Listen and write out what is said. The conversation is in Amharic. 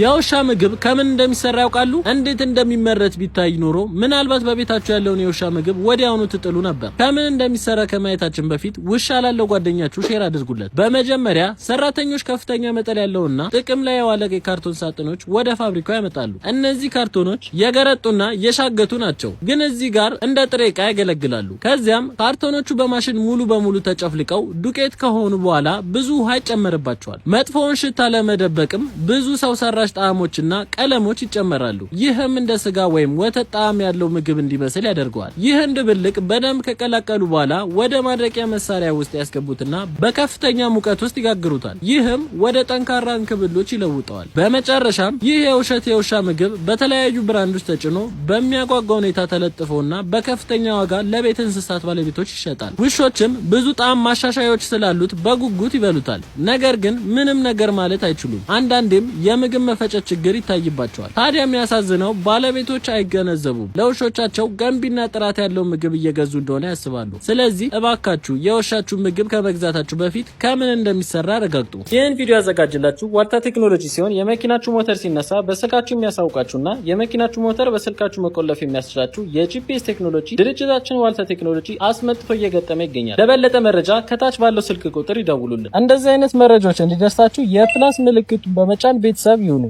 የውሻ ምግብ ከምን እንደሚሰራ ያውቃሉ? እንዴት እንደሚመረት ቢታይ ኖሮ ምናልባት በቤታችሁ ያለውን የውሻ ምግብ ወዲያውኑ ትጥሉ ነበር። ከምን እንደሚሰራ ከማየታችን በፊት ውሻ ላለው ጓደኛችሁ ሼር አድርጉለት። በመጀመሪያ ሰራተኞች ከፍተኛ መጠን ያለውና ጥቅም ላይ የዋለ የካርቶን ሳጥኖች ወደ ፋብሪካው ያመጣሉ። እነዚህ ካርቶኖች የገረጡና የሻገቱ ናቸው፣ ግን እዚህ ጋር እንደ ጥሬ ዕቃ ያገለግላሉ። ከዚያም ካርቶኖቹ በማሽን ሙሉ በሙሉ ተጨፍልቀው ዱቄት ከሆኑ በኋላ ብዙ ውሃ ይጨመርባቸዋል። መጥፎውን ሽታ ለመደበቅም ብዙ ሰው ሰራ ፈሳሽ ጣዕሞችና ቀለሞች ይጨመራሉ። ይህም እንደ ስጋ ወይም ወተት ጣዕም ያለው ምግብ እንዲመስል ያደርገዋል። ይህን ድብልቅ በደንብ ከቀላቀሉ በኋላ ወደ ማድረቂያ መሳሪያ ውስጥ ያስገቡትና በከፍተኛ ሙቀት ውስጥ ይጋግሩታል። ይህም ወደ ጠንካራ እንክብሎች ይለውጠዋል። በመጨረሻም ይህ የውሸት የውሻ ምግብ በተለያዩ ብራንዶች ተጭኖ በሚያጓጓ ሁኔታ ተለጥፎና በከፍተኛ ዋጋ ለቤት እንስሳት ባለቤቶች ይሸጣል። ውሾችም ብዙ ጣዕም ማሻሻያዎች ስላሉት በጉጉት ይበሉታል። ነገር ግን ምንም ነገር ማለት አይችሉም። አንዳንዴም የምግብ የመፈጨት ችግር ይታይባቸዋል። ታዲያ የሚያሳዝነው ባለቤቶች አይገነዘቡም። ለውሾቻቸው ገንቢና ጥራት ያለው ምግብ እየገዙ እንደሆነ ያስባሉ። ስለዚህ እባካችሁ የውሻችሁ ምግብ ከመግዛታችሁ በፊት ከምን እንደሚሰራ አረጋግጡ። ይህን ቪዲዮ ያዘጋጅላችሁ ዋልታ ቴክኖሎጂ ሲሆን የመኪናችሁ ሞተር ሲነሳ በስልካችሁ የሚያሳውቃችሁና የመኪናችሁ ሞተር በስልካችሁ መቆለፍ የሚያስችላችሁ የጂፒኤስ ቴክኖሎጂ ድርጅታችን ዋልታ ቴክኖሎጂ አስመጥቶ እየገጠመ ይገኛል። ለበለጠ መረጃ ከታች ባለው ስልክ ቁጥር ይደውሉልን። እንደዚህ አይነት መረጃዎች እንዲደርሳችሁ የፕላስ ምልክቱን በመጫን ቤተሰብ ይሁኑ።